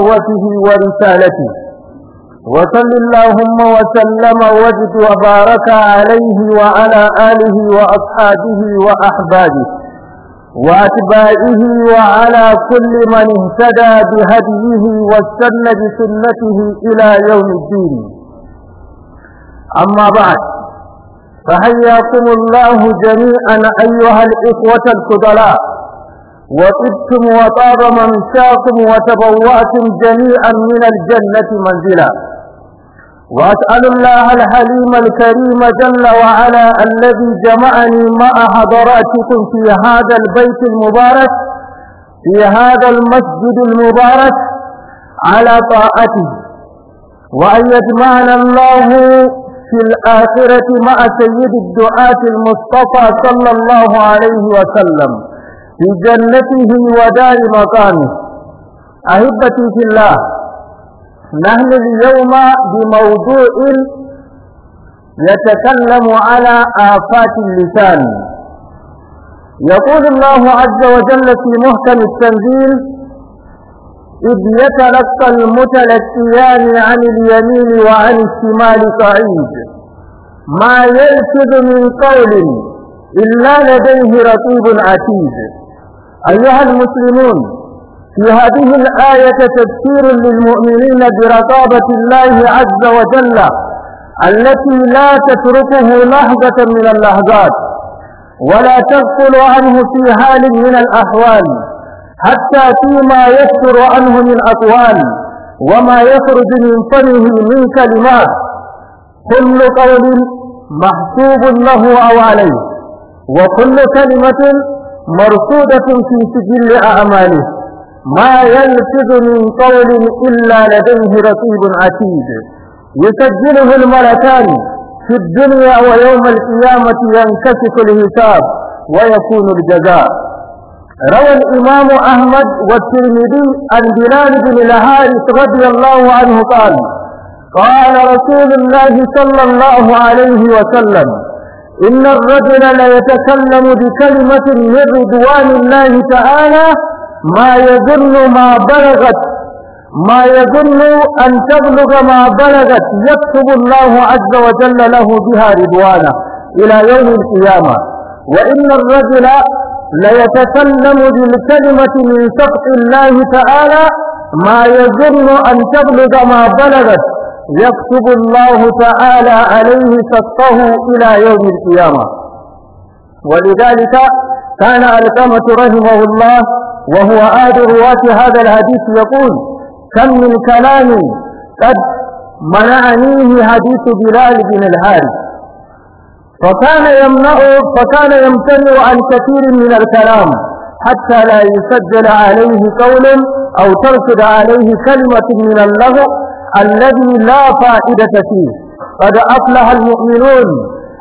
قوته ورسالته وصل اللهم وسلم وجد وبارك عليه وعلى آله وأصحابه وأحبابه وأتباعه وعلى كل من اهتدى بهديه واستنى بسنته إلى يوم الدين أما بعد فحياكم الله جميعا أيها الإخوة الفضلاء وطبتم وطاب منشاكم وتبوأتم جميعا من الجنة منزلا وأسأل الله الحليم الكريم جل وعلا الذي جمعني مع حضراتكم في هذا البيت المبارك في هذا المسجد المبارك على طاعته وأن يجمعنا الله في الآخرة مع سيد الدعاة المصطفى صلى الله عليه وسلم في جنته ودار مقامه أحبتي في الله نحن اليوم بموضوع يتكلم على آفات اللسان يقول الله عز وجل في محكم التنزيل إذ يتلقى المتلقيان عن اليمين وعن الشمال قعيد ما يلفظ من قول إلا لديه رقيب عتيد أيها المسلمون في هذه الآية تذكير للمؤمنين برقابة الله عز وجل التي لا تتركه لحظة من اللحظات ولا تغفل عنه في حال من الأحوال حتى فيما يكثر عنه من أقوال وما يخرج من فمه من كلمات كل قول محسوب له أو عليه وكل كلمة مرصودة في سجل أعماله ما يلفظ من قول إلا لديه رقيب عتيد يسجله الملكان في الدنيا ويوم القيامة ينكشف الحساب ويكون الجزاء روى الإمام أحمد والترمذي عن بلال بن الهارث رضي الله عنه قال قال رسول الله صلى الله عليه وسلم إن الرجل ليتكلم بكلمة من رضوان الله تعالى ما يظن ما بلغت ما يظن أن تبلغ ما بلغت يكتب الله عز وجل له بها رضوانه إلى يوم القيامة وإن الرجل ليتكلم بالكلمة من سخط الله تعالى ما يظن أن تبلغ ما بلغت يكتب الله تعالى عليه سقطه إلى يوم القيامة ولذلك كان علقمه رحمه الله وهو أحد رواة هذا الحديث يقول كم من كلام قد منعنيه حديث بلال بن الحارث فكان يمنع فكان يمتنع عن كثير من الكلام حتى لا يسجل عليه قول أو ترشد عليه كلمة من اللغو الذي لا فائدة فيه قد أفلح المؤمنون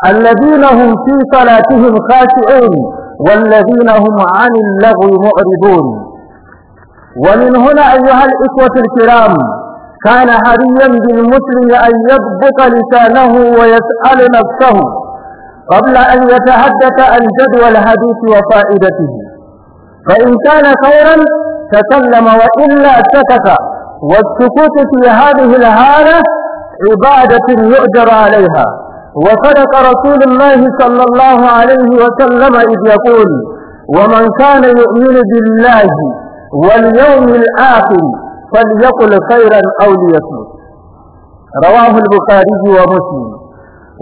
الذين هم في صلاتهم خاشعون والذين هم عن اللغو معرضون ومن هنا أيها الإخوة الكرام كان حريا بالمسلم أن يضبط لسانه ويسأل نفسه قبل أن يتحدث عن جدوى الحديث وفائدته فإن كان خيرا تكلم وإلا سكت والسكوت في هذه الهالة عبادة يؤجر عليها وصدق رسول الله صلى الله عليه وسلم إذ يقول ومن كان يؤمن بالله واليوم الآخر فليقل خيرا أو ليصمت رواه البخاري ومسلم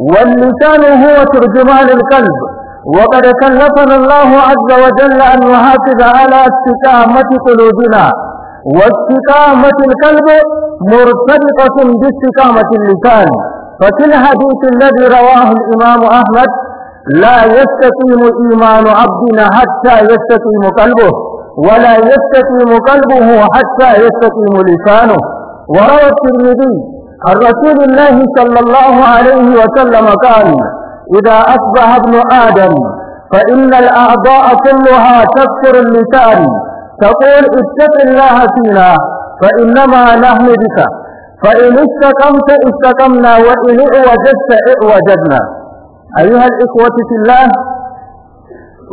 واللسان هو ترجمان القلب وقد كلفنا الله عز وجل أن نحافظ على استقامة قلوبنا واستقامة القلب مرتبطة باستقامة اللسان ففي الحديث الذي رواه الإمام أحمد لا يستقيم إيمان عبدنا حتى يستقيم قلبه ولا يستقيم قلبه حتى يستقيم لسانه وروى الترمذي عن رسول الله صلى الله عليه وسلم قال إذا أصبح ابن آدم فإن الأعضاء كلها تكسر اللسان تقول اتق الله فينا فإنما نحن بك فإن استقمت استقمنا وإن اعوجدت اعوجدنا أيها الإخوة في الله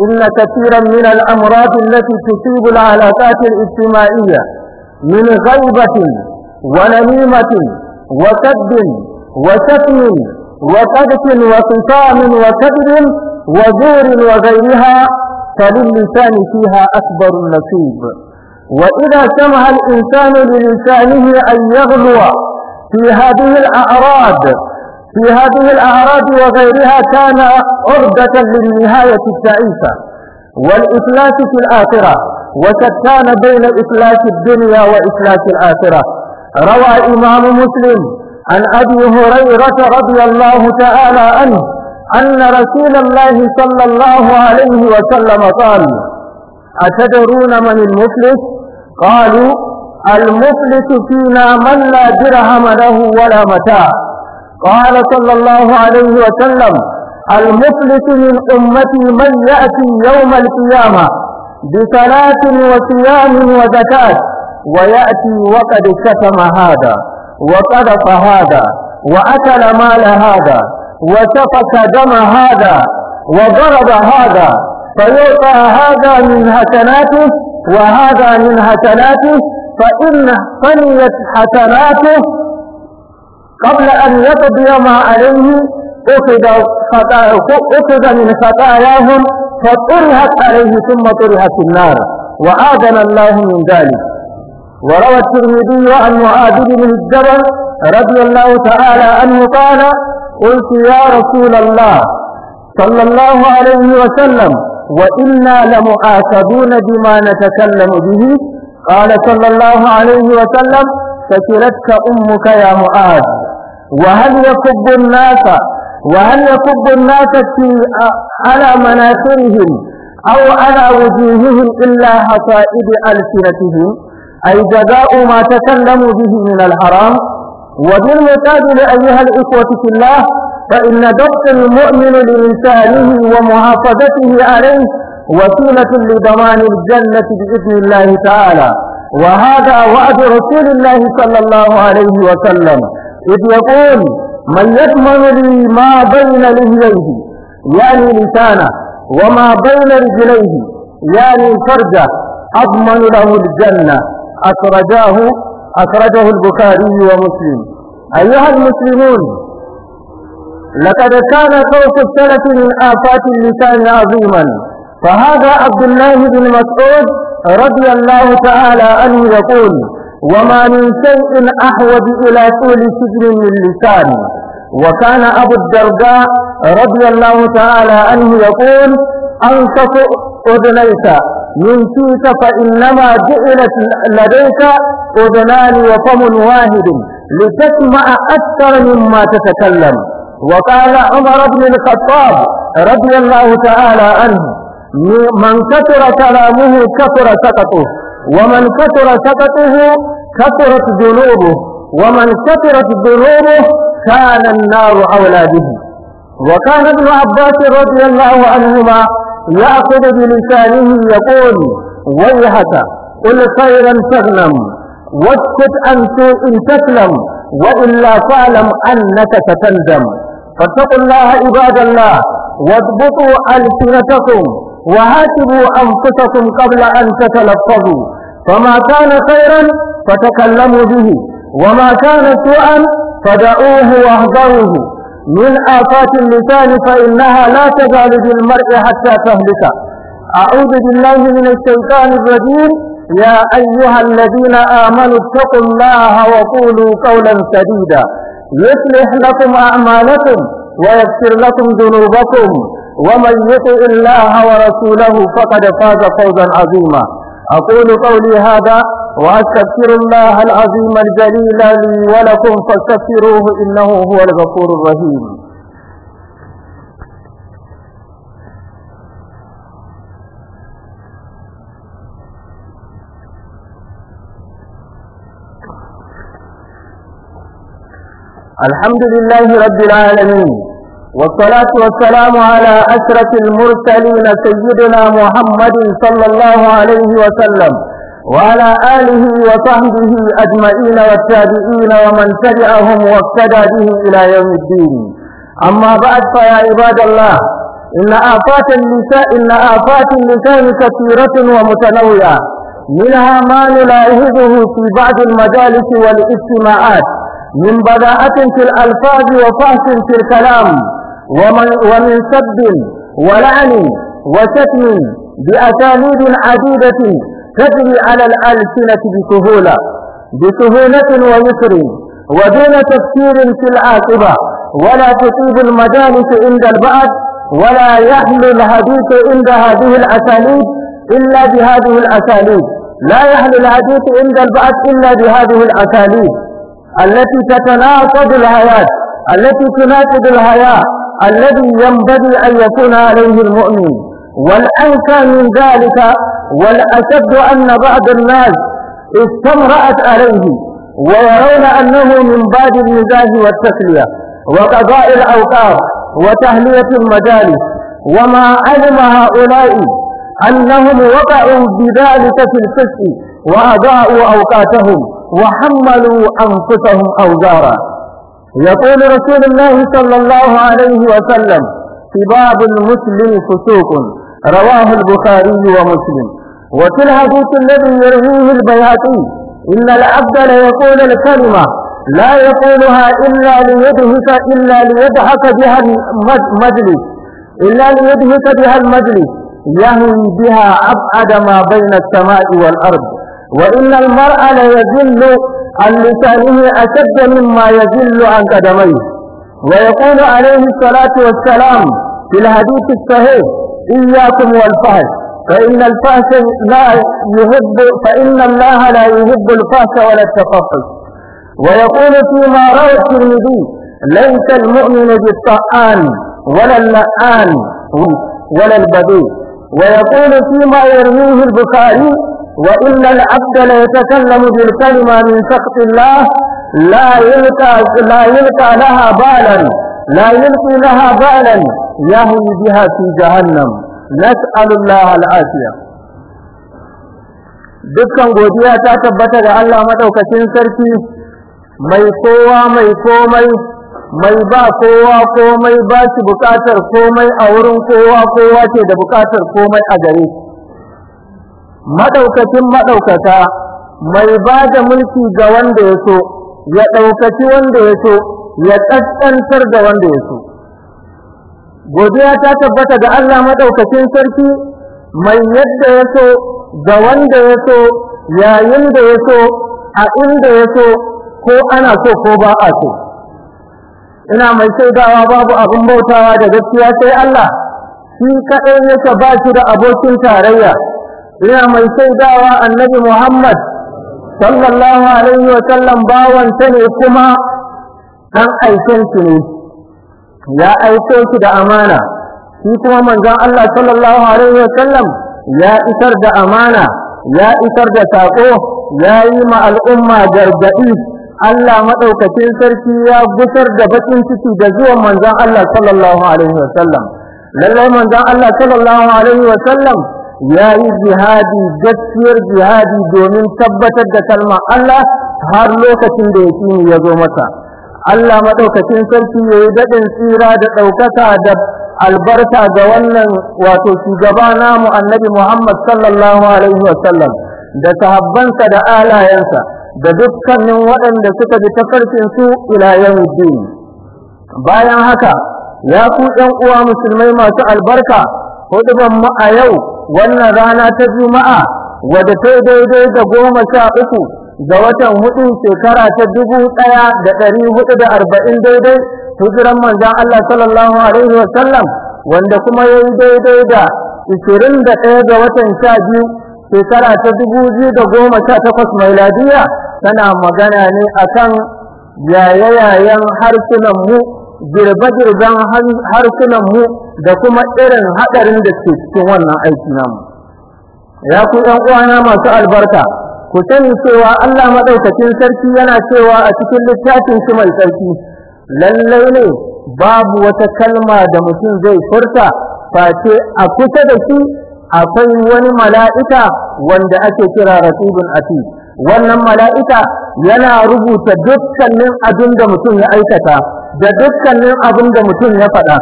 إن كثيرا من الأمراض التي تصيب العلاقات الاجتماعية من غيبة ونميمة وكد وشتم وقذف وخصام وكذب وزور وغيرها فللسان فيها أكبر النصيب وإذا سمح الإنسان للسانه أن يغلو في هذه الأعراض في هذه الأعراض وغيرها كان عرضة للنهاية التعيسة والإفلاس في الآخرة كان بين إفلاس الدنيا وإفلاس الآخرة روى إمام مسلم عن أبي هريرة رضي الله تعالى عنه أن رسول الله صلى الله عليه وسلم قال أتدرون من المفلس قالوا المفلس فينا من لا درهم له ولا متاع قال صلى الله عليه وسلم المفلس من أمتي من يأتي يوم القيامة بصلاة وصيام وزكاة ويأتي وقد شتم هذا وقذف هذا وأكل مال هذا وسفك دم هذا وضرب هذا فيعطى هذا من حسناته وهذا من حسناته فإن فنيت حسناته قبل أن يقضي ما عليه أخذ من خطاياهم فطرحت عليه ثم طرحت النار وآذن الله من ذلك وروى الترمذي عن معاذ بن الجبل رضي الله تعالى عنه قال قلت يا رسول الله صلى الله عليه وسلم وإنا لمعاتبون بما نتكلم به قال صلى الله عليه وسلم فتلتك أمك يا معاذ وهل يكب الناس وهل يكب الناس في على مناخرهم أو على وجوههم إلا حصائد ألسنتهم أي جزاء ما تكلموا به من الحرام وبالمقابل أيها الإخوة في الله فإن ضبط المؤمن لإنسانه ومحافظته عليه وسيلة لضمان الجنة بإذن الله تعالى وهذا وعد رسول الله صلى الله عليه وسلم إذ يقول من يضمن لي ما بين لهيه يعني لسانه وما بين رجليه يعني فرجه أضمن له الجنة أخرجاه أخرجه البخاري ومسلم أيها المسلمون لقد كان فوق السلف من آفات اللسان عظيما فهذا عبد الله بن مسعود رضي الله تعالى عنه يقول وما من شيء أحوج إلى طول سجن من لسان وكان أبو الدرداء رضي الله تعالى عنه يقول أنصف أذنيك من فيك فإنما جئلت لديك أذنان وفم واحد لتسمع أكثر مما تتكلم وقال عمر بن الخطاب رضي الله تعالى عنه من كثر كلامه كثر سقطه ومن كثر سقطه كثرت ذنوبه ومن كثرت ذنوبه كان النار أولى به وكان ابن عباس رضي الله عنهما يأخذ بلسانه يقول ويحك قل خيرا تغنم واسكت عن سوء تسلم وإلا فاعلم أنك تتندم فاتقوا الله عباد الله واضبطوا ألسنتكم وهاتبوا أنفسكم قبل أن تتلفظوا فما كان خيرا فتكلموا به وما كان سوءا فدعوه واهدروه من آفات اللسان فإنها لا تزال بالمرء حتى تهلك أعوذ بالله من الشيطان الرجيم يا أيها الذين آمنوا اتقوا الله وقولوا قولا سديدا يصلح لكم أعمالكم ويغفر لكم ذنوبكم ومن يطع الله ورسوله فقد فاز فوزا عظيما أقول قولي هذا وأستغفر الله العظيم الجليل لي ولكم فاستغفروه إنه هو الغفور الرحيم الحمد لله رب العالمين والصلاة والسلام على أشرف المرسلين سيدنا محمد صلى الله عليه وسلم وعلى آله وصحبه أجمعين والتابعين ومن تبعهم واقتدى به إلى يوم الدين أما بعد فيا عباد الله إن آفات النساء إن آفات اللسان كثيرة ومتنوعة منها ما نلاحظه في بعض المجالس والاجتماعات من بداءة في الألفاظ وفحص في الكلام ومن, ومن سب ولعن وشتم بأساليب عديدة تجري على الألسنة بسهولة بسهولة ويسر ودون تفكير في العاقبة ولا تطيب المجالس عند البعض ولا يحل الحديث عند هذه الأساليب إلا بهذه الأساليب لا يحل الحديث عند البعض إلا بهذه الأساليب التي تتناقض الحياة التي تناقض الحياة الذي ينبغي أن يكون عليه المؤمن والأنسى من ذلك والأشد أن بعض الناس استمرأت عليه ويرون أنه من باب المزاج والتسلية وقضاء الأوقات وتهلية المجالس وما علم هؤلاء أنهم وقعوا بذلك في الفسق وأضاءوا أوقاتهم وحملوا أنفسهم أوزارا يقول رسول الله صلى الله عليه وسلم باب المسلم فسوق رواه البخاري ومسلم وفي الحديث الذي يرويه البياتي إن العبد ليقول الكلمة لا يقولها إلا ليدهك إلا ليضحك بها المجلس إلا ليدهك بها المجلس يهوي بها أبعد ما بين السماء والأرض وإن المرء ليجل عن لسانه أشد مما يجل عن قدميه ويقول عليه الصلاة والسلام في الحديث الصحيح إياكم والفحش فإن الفحش لا يحب فإن الله لا يحب الفحش ولا التفحش ويقول فيما روى الترمذي ليس المؤمن بالطعان ولا اللعان ولا البذيء ويقول فيما يرويه البخاري وإن العبد ليتكلم بالكلمة من سخط الله لا يلقى لا يلقى لها بالا لا يلقي لها بالا يهوي بها في جهنم نسأل الله العافية dukkan godiya ta tabbata ga Allah madaukakin sarki mai kowa mai komai mai ba kowa komai ba shi bukatar komai a wurin kowa kowa ce da bukatar komai a gare shi madaukakin madaukaka mai ba da mulki ga wanda ya so ya ɗaukaci wanda ya so ya kaskantar da wanda ya so godiya ta tabbata da Allah maɗaukacin sarki mai yadda ya so ga wanda ya so yayin da ya so a inda ya so ko ana so ko ba a so ina mai shaidawa babu abin bautawa da gaskiya sai Allah shi kaɗai yake ba shi da abokin tarayya ina mai shaidawa annabi Muhammad sallallahu alaihi wa sallam bawan ne kuma dan aikin shi ne ya aiko shi da amana shi kuma manzon Allah sallallahu alaihi wasallam ya isar da amana ya isar da sako ya yi ma al'umma gargadi Allah madaukakin sarki ya gusar da bakin ciki da zuwan manzon Allah sallallahu alaihi wasallam lallai manzon Allah sallallahu alaihi wasallam ya yi jihadi gaskiyar jihadi domin tabbatar da kalmar Allah har lokacin da yake ya zo masa Allah madaukakin sarki yayi dadin tsira da daukaka da albarka ga wannan wato shugaba namu annabi Muhammad sallallahu alaihi wasallam da sahabbansa da alayansa da dukkanin waɗanda suka bi tafarkin su ila yawmiddin bayan haka ya ku ɗan uwa musulmai masu albarka hudubar mu a yau wannan rana ta juma'a wadda ta daidai da goma sha uku ga watan hudu shekara ta dubu ɗaya da ɗari hudu da arba'in daidai hijiran manzan Allah sallallahu alaihi wa sallam wanda kuma ya yi daidai da ishirin da ɗaya ga watan sha biyu shekara ta dubu biyu da goma sha takwas mai ladiya tana magana ne akan yayayayen harsunanmu girbe-girben harsunanmu da kuma irin haɗarin da ke cikin wannan aiki namu ya ku ɗan uwana masu albarka ku sani cewa Allah madaukakin sarki yana cewa a cikin littafin shi mai sarki lallai ne babu wata kalma da mutum zai furta face a kusa da shi akwai wani mala'ika wanda ake kira rasulun ati wannan mala'ika yana rubuta dukkanin abin da mutum ya aikata da dukkanin abin da mutum ya faɗa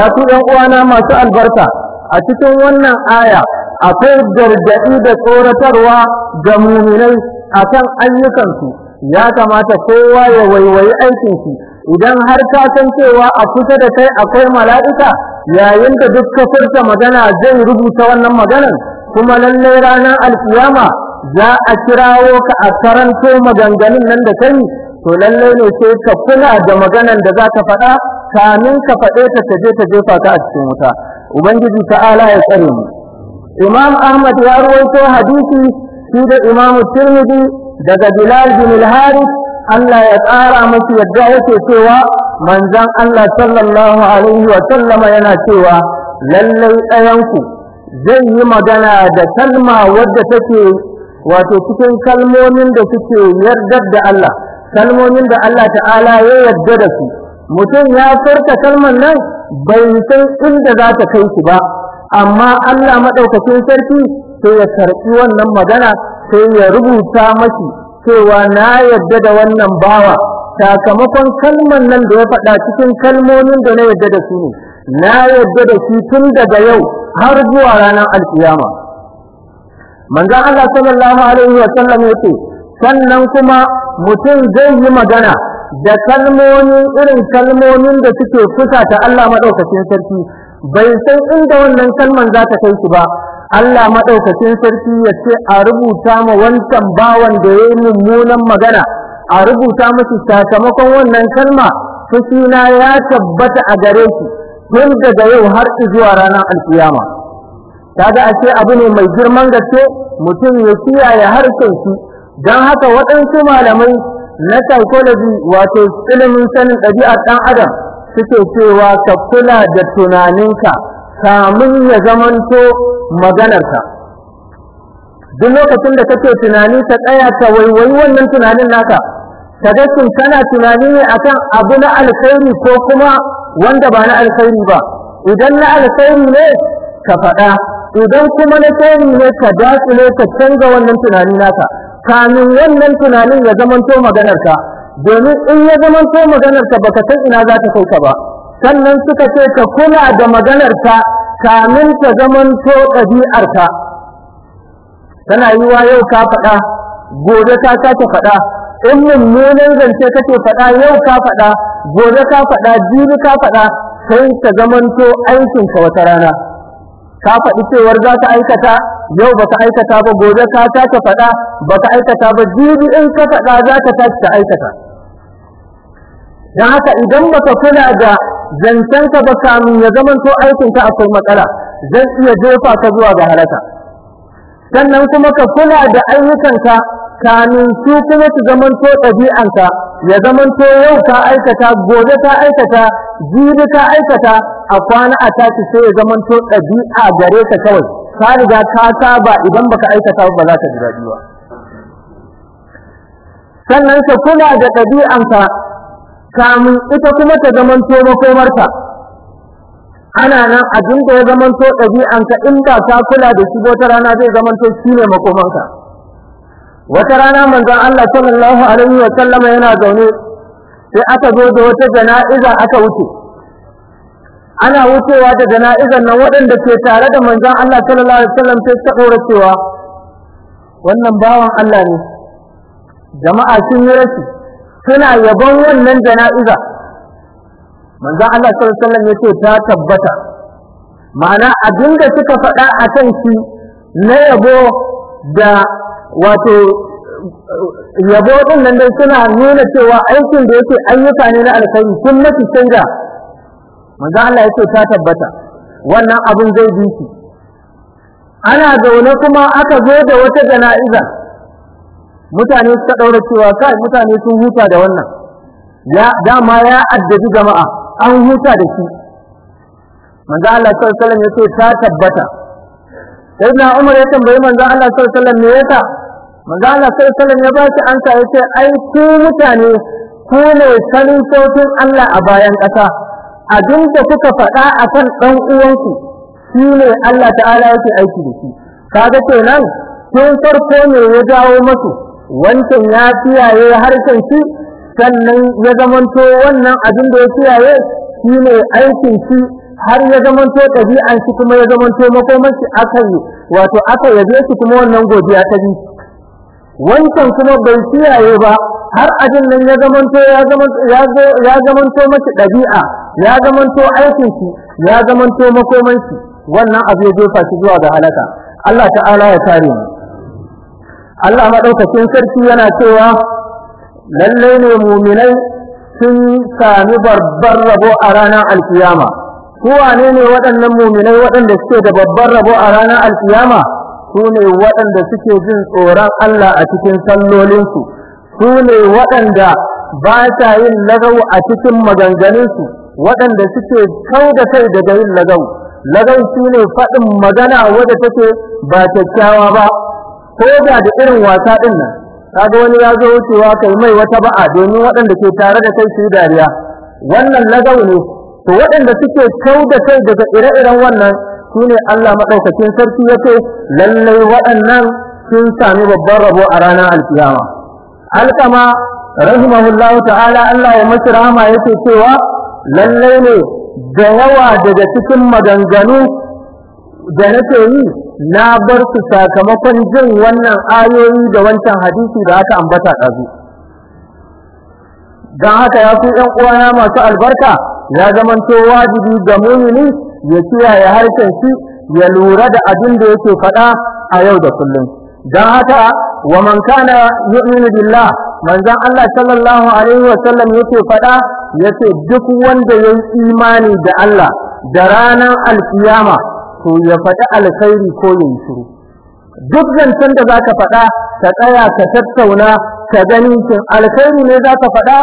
ya ku ɗan uwana masu albarka a cikin wannan aya akwai gargaɗi da tsoratarwa ga muminai a kan ayyukansu ya kamata kowa ya waiwayi aikinsu idan har ka san cewa a kusa da kai akwai mala'ika yayin da duk kafurta magana zai rubuta wannan maganan kuma lallai ranar alkiyama za a kirawo ka a karanto maganganun nan da kai to lallai ne sai ka kula da maganan da za ka faɗa kamin ka faɗe ta ta je ta jefa ka a cikin wuta ubangiji ta'ala ya tsare mu imam ahmad ya rawaito hadisi shi da imam tirmidhi daga bilal bin al-harith Allah ya tsara masa yadda yake cewa manzon Allah sallallahu alaihi wa sallama yana cewa lallai ɗayanku zai yi magana da kalma wadda take wato cikin kalmomin da suke yardar da Allah kalmomin da Allah ta'ala ya yarda da su mutum ya furta kalmar nan bai san inda za ta kai shi ba amma Allah maɗaukacin sarki sai ya karɓi wannan magana sai ya rubuta mashi cewa na yadda da wannan bawa sakamakon kalman nan da ya faɗa cikin kalmomin da na yadda da su ne na yadda da shi tun daga yau har zuwa ranar alkiyama manzon Allah sallallahu alaihi wa sallam yace sannan kuma mutum zai yi magana da kalmomin irin kalmomin da suke kusa ta Allah madaukakin sarki bai san inda wannan kalman za ta kai shi ba Allah madaukakin sarki ya ce a rubuta ma wancan bawan da yayi mummunan magana a rubuta masa sakamakon wannan kalma fushina ya tabbata a gare shi tun daga yau har zuwa ranar alkiyama kaga ashe abu ne mai girman gaske mutum ya kiyaye harshen shi don haka waɗansu malamai na psychology wato ilimin sanin ɗabi'ar ɗan adam suke cewa ka kula da tunaninka kamun ya zamanto maganarka duk lokacin da kake tunani ka tsaya ta waiwayi wannan tunanin naka ka ga shin kana tunani ne akan abu na alkhairi ko kuma wanda ba na alkhairi ba idan na alkhairi ne ka faɗa idan kuma na shari ne ka dace ne ka canza wannan tunani naka kamin wannan tunanin ya zamanto maganarka domin in ya zamanto maganar ka baka san ina za ta sauka ba sannan suka ce ka kula da maganar kamin ta zamanto ɗabi'ar ka tana wa yau ka faɗa gobe ta sake faɗa in mummunan zance kake faɗa yau ka faɗa gobe ka faɗa jibi ka faɗa sai ka zamanto aikin ka wata rana ka faɗi cewar za ka aikata yau ba ka aikata ba gobe ka sake faɗa ba ka aikata ba jibi in ka faɗa za ka sake aikata dan haka idan baka kula da ka ba kamin ya aikin aikinka akwai matsala zan iya jefa ka zuwa ga halaka sannan kuma ka kula da ayyukan ka kamin su kuma su zamanto ka ya zamanto yau ka aikata gobe ka aikata jibi ka aikata a kwana a tashi sai ya to ɗabi'a gare ka kawai ka riga ka saba idan baka aikata ba za ka ji daɗi ba sannan ka kula da ka kamun ita kuma ta to makomarta ana nan abin da ya zamanto ɗabi'anka inda ta kula da shi wata rana zai to shi ne makomarta wata rana manzon Allah sallallahu alaihi wa sallama yana zaune sai aka zo da wata jana'iza aka wuce ana wucewa da jana'izan nan waɗanda ke tare da manzon Allah sallallahu alaihi wa sallam sai ta ɗora cewa wannan bawan Allah ne jama'a sun yi rashi suna yabon wannan jana'iza manzo Allah sallallahu alaihi wasallam yace ta tabbata ma'ana abin da suka faɗa a kan shi na yabo da wato yabo din nan dai suna nuna cewa aikin da yake ayyuka ne na alkhairi sun mafi canja manzo Allah yace ta tabbata wannan abin zai bi shi ana zaune kuma aka zo da wata jana'iza mutane suka daura cewa kai mutane sun huta da wannan ya dama ya addabi jama'a an huta da shi manzo Allah sallallahu alaihi wasallam ce ta tabbata na Umar ya tambayi manzo Allah sallallahu alaihi wasallam me yasa manzo Allah sallallahu alaihi wasallam ya ba shi ansa ya ai ku mutane ku ne sanin sautin Allah a bayan ƙasa abin da kuka faɗa akan ɗan uwanku shi ne Allah ta'ala yake aiki da shi kaga kenan tun farko ne ya dawo masu wancan ya kiyaye harshen shi sannan ya zamanto wannan abin da ya kiyaye shi ne aikin shi har ya zamanto ɗabi'an shi kuma ya zamanto makomar aka yi wato aka yabe shi kuma wannan godiya ta bi wancan kuma bai kiyaye ba har abin nan ya zamanto ya zamanto mashi ɗabi'a ya zamanto aikin shi ya zamanto makoman wannan abu ya jefa shi zuwa ga halaka Allah ta'ala ya tare mu Allah maɗaukacin sarki yana cewa lalle ne mu'minai sun sami babbar rabo a ranar alkiyama ko wane ne waɗannan mu'minai waɗanda suke da babbar rabo a ranar alkiyama su ne waɗanda suke jin tsoron Allah a cikin sallolinsu su ne waɗanda ba ta yin lagau a cikin maganganunsu waɗanda suke kau da kai daga yin lagau lagau shi ne faɗin magana wadda take ba kyakkyawa ba ko da da irin wasa din nan kaga wani ya zo wucewa kai mai wata ba'a domin waɗanda ke tare da kai su dariya wannan lagau ne to waɗanda suke kau da kai daga ire-iren wannan shine Allah madaukakin sarki yake lallai waɗannan sun sami babban rabo a ranar alkiyama alkama rahimahullahu ta'ala Allah ya masa rahama yake cewa lallai ne da yawa daga cikin maganganu da nake yi na bar su sakamakon jin wannan ayoyi da wancan hadisi da aka ambata kazu. don haka ya ku ‘yan uwana masu albarka ya zamanto wajibi ga mumini ya kiyaye harshen shi ya lura da abin da yake faɗa a yau da kullum don haka wa man kana yu'minu billah manzon Allah sallallahu alaihi wa sallam yake faɗa yace duk wanda yayi imani da Allah da ranar alkiyama to ya faɗi alkhairi ko ya shiru duk zancen da zaka faɗa ka tsaya ka tattauna ka gani kin alkhairi ne zaka faɗa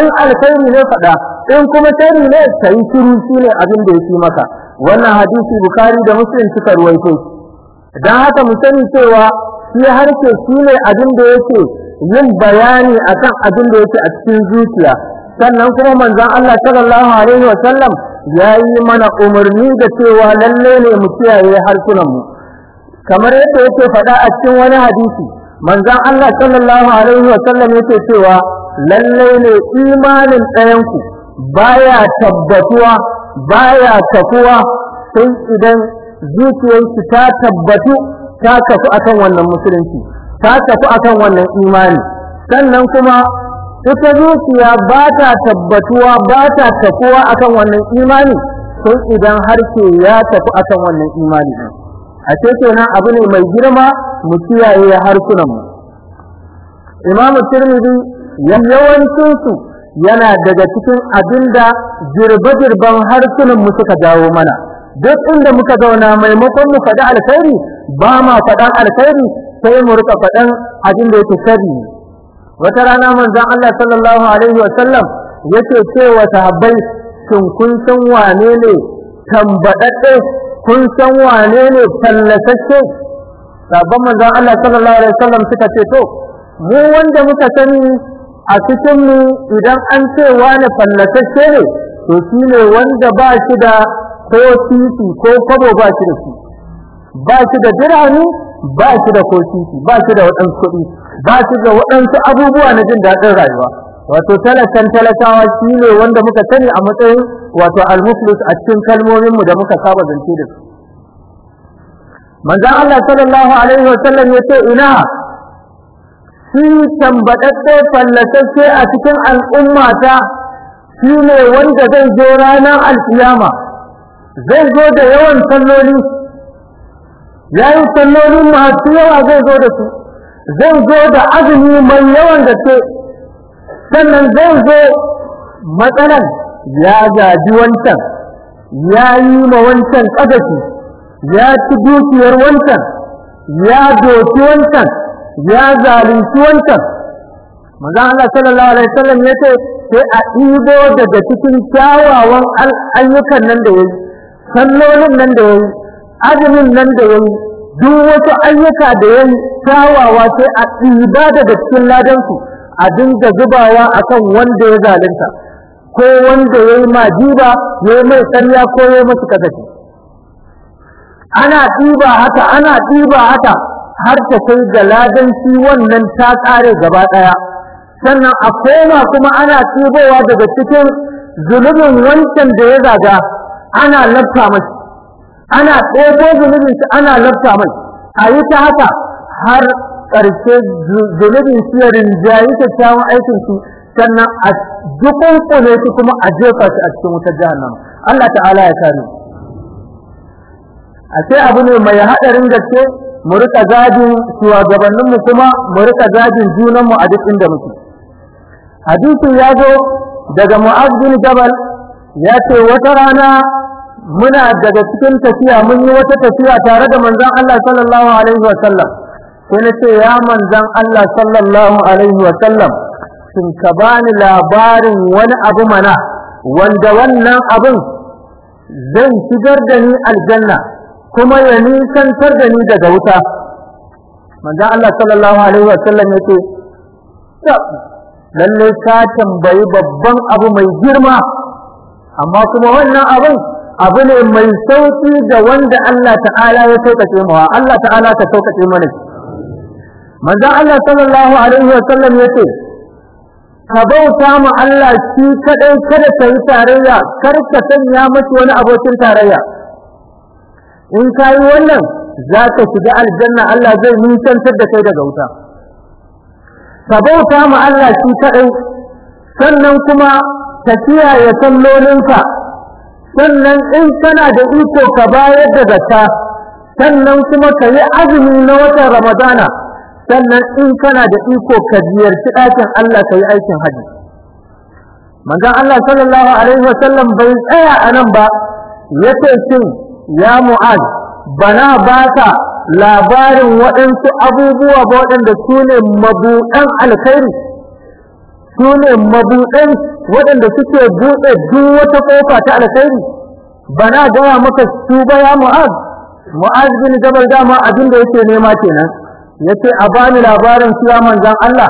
in alkhairi ne faɗa in kuma sharri ne kai shiru shine abin da yake maka wannan hadisi bukhari da muslim suka ruwaito dan haka mu sani cewa shi harshe shine abin da yake yin bayani akan abin da yake a cikin zuciya sannan kuma manzon Allah sallallahu alaihi Sallam. yayi mana umarni da cewa lalle ne mu kiyaye harsunan mu kamar yadda yake faɗa a cikin wani hadisi manzon Allah sallallahu alaihi wa sallam yake cewa lalle ne imanin ɗayanku ku baya tabbatuwa baya kafuwa sai idan zuciyarki ta tabbatu ta kafu akan wannan musulunci ta kafu akan wannan imani sannan kuma ita zuciya ba ta tabbatuwa ba ta tafuwa akan wannan imani sun idan harshe ya tafi akan wannan imani din a ce kenan abu ne mai girma mu kiyaye harsunan mu imamu tirmidhi yawancin su yana daga cikin abinda girbe jirben harsunan mu suka jawo mana duk inda muka zauna maimakon mu faɗi alkhairi ba ma faɗan alkhairi sai mu rika faɗan abin da yake wata rana manzon Allah sallallahu alaihi wa sallam yake cewa sahabbai kun kun san wane ne tambadadde kun san wane ne tallatacce sabon manzon Allah sallallahu alaihi wa sallam suka ce to mu wanda muka sani a cikin mu idan an ce wane tallatacce ne to shine wanda ba shi da ko titi ko kobo ba shi da shi ba shi da dirhami ba shi da ko titi ba shi da waɗansu kuɗi ba su da waɗansu abubuwa na jin daɗin rayuwa wato talatan talakawa shi ne wanda muka sani a matsayin wato almuflis a cikin kalmominmu da muka saba zance da su manzan Allah sallallahu alaihi wa sallam ce ina shi tambadadde fallasacce a cikin al'ummata shi ne wanda zai zo ranar alkiyama zai zo da yawan salloli yi sallolin masu yawa zai zo da su zan zo da azumi mai yawan gaske sannan zan zo matsalan ya gaji wancan ya yi ma wancan ƙazafi ya ci dukiyar wancan ya doki wancan ya zalunci wancan Maza Allah sallallahu alaihi wasallam ce, sai a ɗibo daga cikin kyawawan ayyukan nan da yayi sallolin nan da yayi azumin nan da yayi duk wasu ayyuka da ya kyawawa sai a ɗiba daga cikin ladansu a dinga zubawa kan wanda ya zalunta ko wanda ya yi majiba ya yi mai karya ko ya yi masu ana ɗiba haka ana ɗiba haka har ta kai ga ladanci wannan ta ƙare gaba ɗaya sannan a koma kuma ana tubowa daga cikin zunubin wancan da ya zaga ana lafta masa ana ɗauko zunubin shi ana lafta mai a yi ta haka har ƙarshe zunubin shi ya rinjayi kyakkyawan aikin shi sannan a dukunkune shi kuma a jefa shi a cikin wutar jahannama Allah ta'ala ya kare a sai abu ne mai haɗarin gaske mu rika gadin shugabanninmu kuma mu rika gadin junanmu a duk inda muke hadisin ya zo daga mu'az bin ya ce wata rana muna daga cikin tafiya mun yi wata tafiya tare da manzon Allah sallallahu alaihi wa sallam sai na ce ya manzon Allah sallallahu alaihi wa sallam shin ka bani labarin wani abu mana wanda wannan abin zan shigar da ni aljanna kuma ya nisantar da ni daga wuta manzon Allah sallallahu alaihi wa sallam yace lalle ka tambayi babban abu mai girma amma kuma wannan abin abu ne mai sauki ga wanda Allah ta'ala ya sauƙaƙe mawa Allah ta'ala ta sauƙaƙe mana manzon Allah sallallahu alaihi wa sallam ya ce, ka bauta ma Allah shi kadai kada ka yi tarayya kar ka sanya mashi wani abokin tarayya in ka yi wannan za ka shiga aljanna Allah zai nisantar da kai daga wuta ka bauta ma Allah shi kadai sannan kuma ka kiyaye sallolinka sannan in kana da iko ka bayar da zakka sannan kuma ka yi azumi na watan ramadana sannan in kana da iko ka ziyarci ɗakin Allah ka yi aikin haji manzon Allah sallallahu alaihi wasallam bai tsaya a nan ba ce shin ya mu'az bana basa labarin waɗansu abubuwa ba waɗanda su ne mabuɗan alkhairi su ne mabuɗan waɗanda suke buɗe duk wata ƙofa ta alkhairi bana gaya maka su ba ya mu'az mu'az bin jabal dama abin da yake nema kenan yace a bani labarin su ya manzon Allah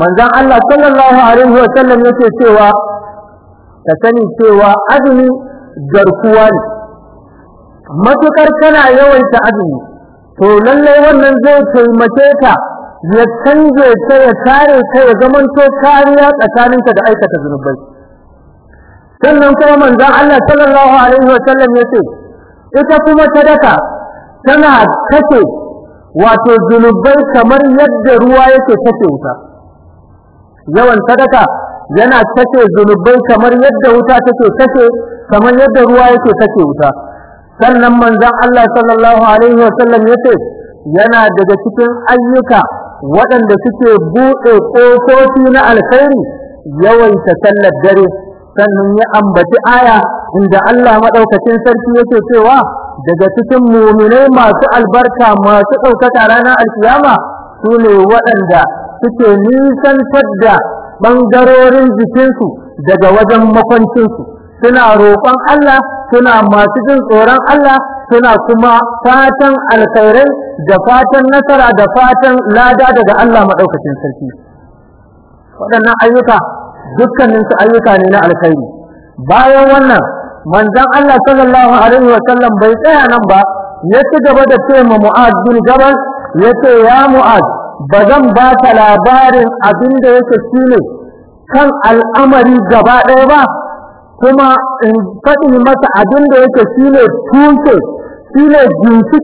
manzon Allah sallallahu alaihi wa sallam yake cewa ta sani cewa azumi garkuwa ne matukar kana ta azumi to lallai wannan zai taimake ka ya canje ta ya tare ta ya zamanto kariya tsakaninka da aikata zunubai sannan kuma manzon Allah sallallahu alaihi wa sallam yace ita kuma sadaka tana kace wato zunubai kamar yadda ruwa yake kace wuta yawan sadaka yana kace zunubai kamar yadda wuta take kace kamar yadda ruwa yake kace wuta sannan manzon Allah sallallahu alaihi wa sallam yace yana daga cikin ayyuka waɗanda suke buɗe ƙofofi na alkhairi yawaita sallar dare sannan ya ambaci aya inda Allah maɗaukacin sarki yake cewa daga cikin mu'minai masu albarka masu ɗaukaka ranar alkiyama su ne waɗanda suke nisantar da ɓangarorin jikinsu daga wajen makwancinsu suna roƙon Allah suna masu jin tsoron Allah suna kuma fatan alkhairai da fatan nasara da fatan lada daga Allah maɗaukacin sarki waɗannan ayyuka su ayyuka ne na alkhairi bayan wannan manzon Allah sallallahu alaihi wa sallam bai tsaya nan ba ya ci gaba da ce ma Mu'az bin Jabal ya ce ya Mu'az ba zan ba ta labarin abin da yake shine kan al'amari gaba ɗaya ba kuma in faɗi masa abin da yake shine tushe shine shi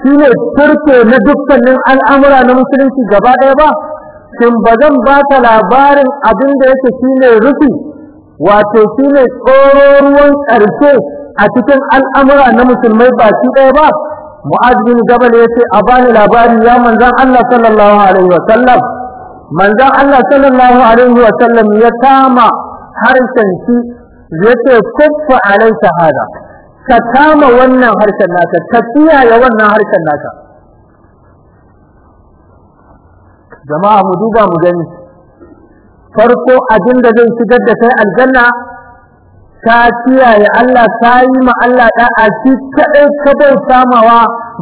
shine turke na dukkanin al'amura na musulunci gaba ɗaya ba shin ba zan ba ta labarin abin da yake shine rufi wato shine tsoro ruwan ƙarshe a cikin al'amura na musulmai ba shi ɗaya ba mu'az bin jabal ce a bani labari ya manzan Allah sallallahu alaihi wa sallam manzon Allah sallallahu alaihi wa sallam ya kama harshen shi yace kuffa alai shahada. ka kama wannan harshen naka ka kiyaye wannan harshen naka jama'a mu duba mu gani farko abin da zai shigar da kai aljanna ka kiyaye Allah ka yi ma Allah da a shi kadai kadai samawa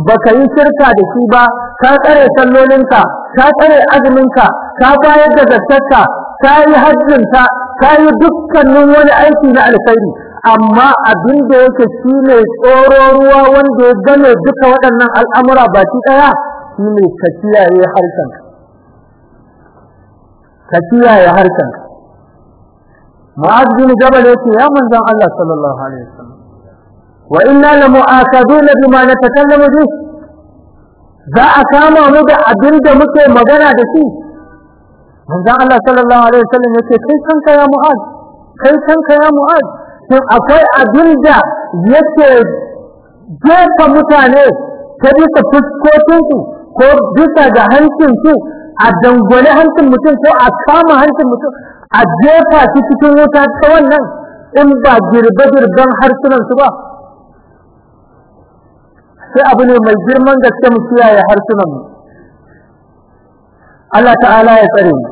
baka yi shirka da shi ba ka tsare sallolinka ka tsare azuminka ka bayar da zakka ta yi hajjinta ta yi dukkanin wani aiki na alkhairi amma abin da yake shi ne tsoro ruwa wanda ya gane duka waɗannan al'amura baki ɗaya shi ne ka kiyaye harkan ka kiyaye harkanka معاذ بن جبل يقول يا من ذا الله صلى الله عليه وسلم وإنا لمؤاخذون بما نتكلم za a kama mu da abin da muke magana da shi manzon Allah sallallahu alaihi wasallam yake kai kanka ya mu'ad kai kanka ya mu'ad to akwai abinda yake jefa mutane ta bisa fuskokinsu ko bisa ga hancinsu a dangwale hancin mutum ko a kama hancin mutum a jefa shi cikin wuta ta wannan in ba girbe-girben harsunansu ba sai abu ne mai girman gaske mu kiyaye harsunanmu Allah ta'ala ya tsare mu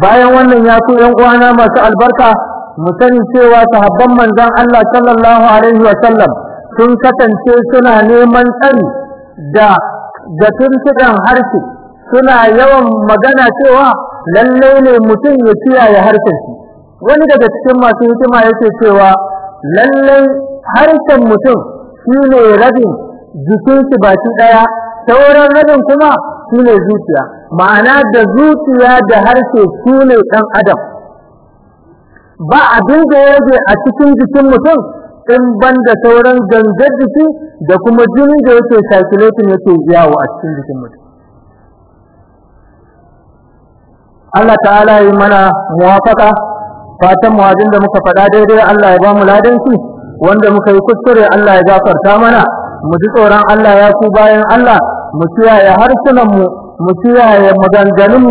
bayan wannan ya so yan uwana masu albarka mu sani cewa sahabban manzon Allah sallallahu alaihi wa sallam sun katance suna neman tsari da da tuntuɗan harshe suna yawan magana cewa lallai ne mutum ya kiyaye shi wani daga cikin masu hikima yake cewa lallai harshen mutum shine rabin jikin shi baki ɗaya sauran rabin kuma shine zuciya ma'ana da zuciya da harshe shine dan adam ba abin da ya a cikin jikin mutum in banda sauran gangar jiki da kuma jini da yake circulating yake yawo a cikin jikin mutum Allah ta'ala yi mana muwafaka fatan mu abin da muka faɗa daidai Allah ya ba mu ladanci wanda muka yi kuskure Allah ya gafarta mana mu ji tsoron Allah ya ku bayan Allah mu kiyaye harsunan mu mu kiyaye maganganun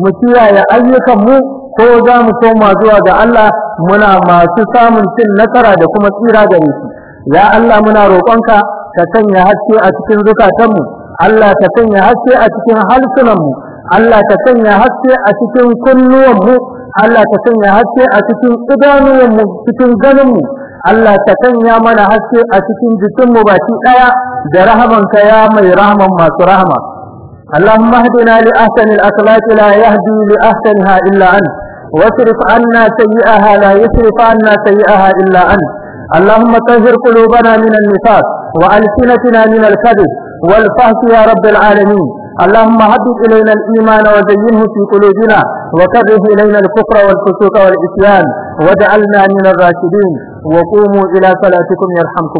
mu kiyaye ayyukan mu ko za mu ma zuwa ga Allah muna masu samun cin nasara da kuma tsira da shi ya Allah muna roƙonka ka sanya haske a cikin zukatanmu Allah ka sanya haske a cikin harsunanmu Allah ka sanya haske a cikin kunnuwanmu Allah ka sanya haske a cikin idanuwanmu cikin ganinmu Allah ta sanya mana haske a cikin jikinmu baki daya da rahamanka ya mai rahaman masu rahama اللهم اهدنا لأحسن الأخلاق لا يهدي لأحسنها إلا أنت واصرف عنا سيئها لا يصرف عنا سيئها إلا أنت اللهم طهر قلوبنا من النفاق وألسنتنا من الكذب والفحش يا رب العالمين اللهم هبب إلينا الإيمان وزينه في قلوبنا وكره إلينا الكفر والفسوق والعصيان واجعلنا من الراشدين وقوموا إلى صلاتكم يرحمكم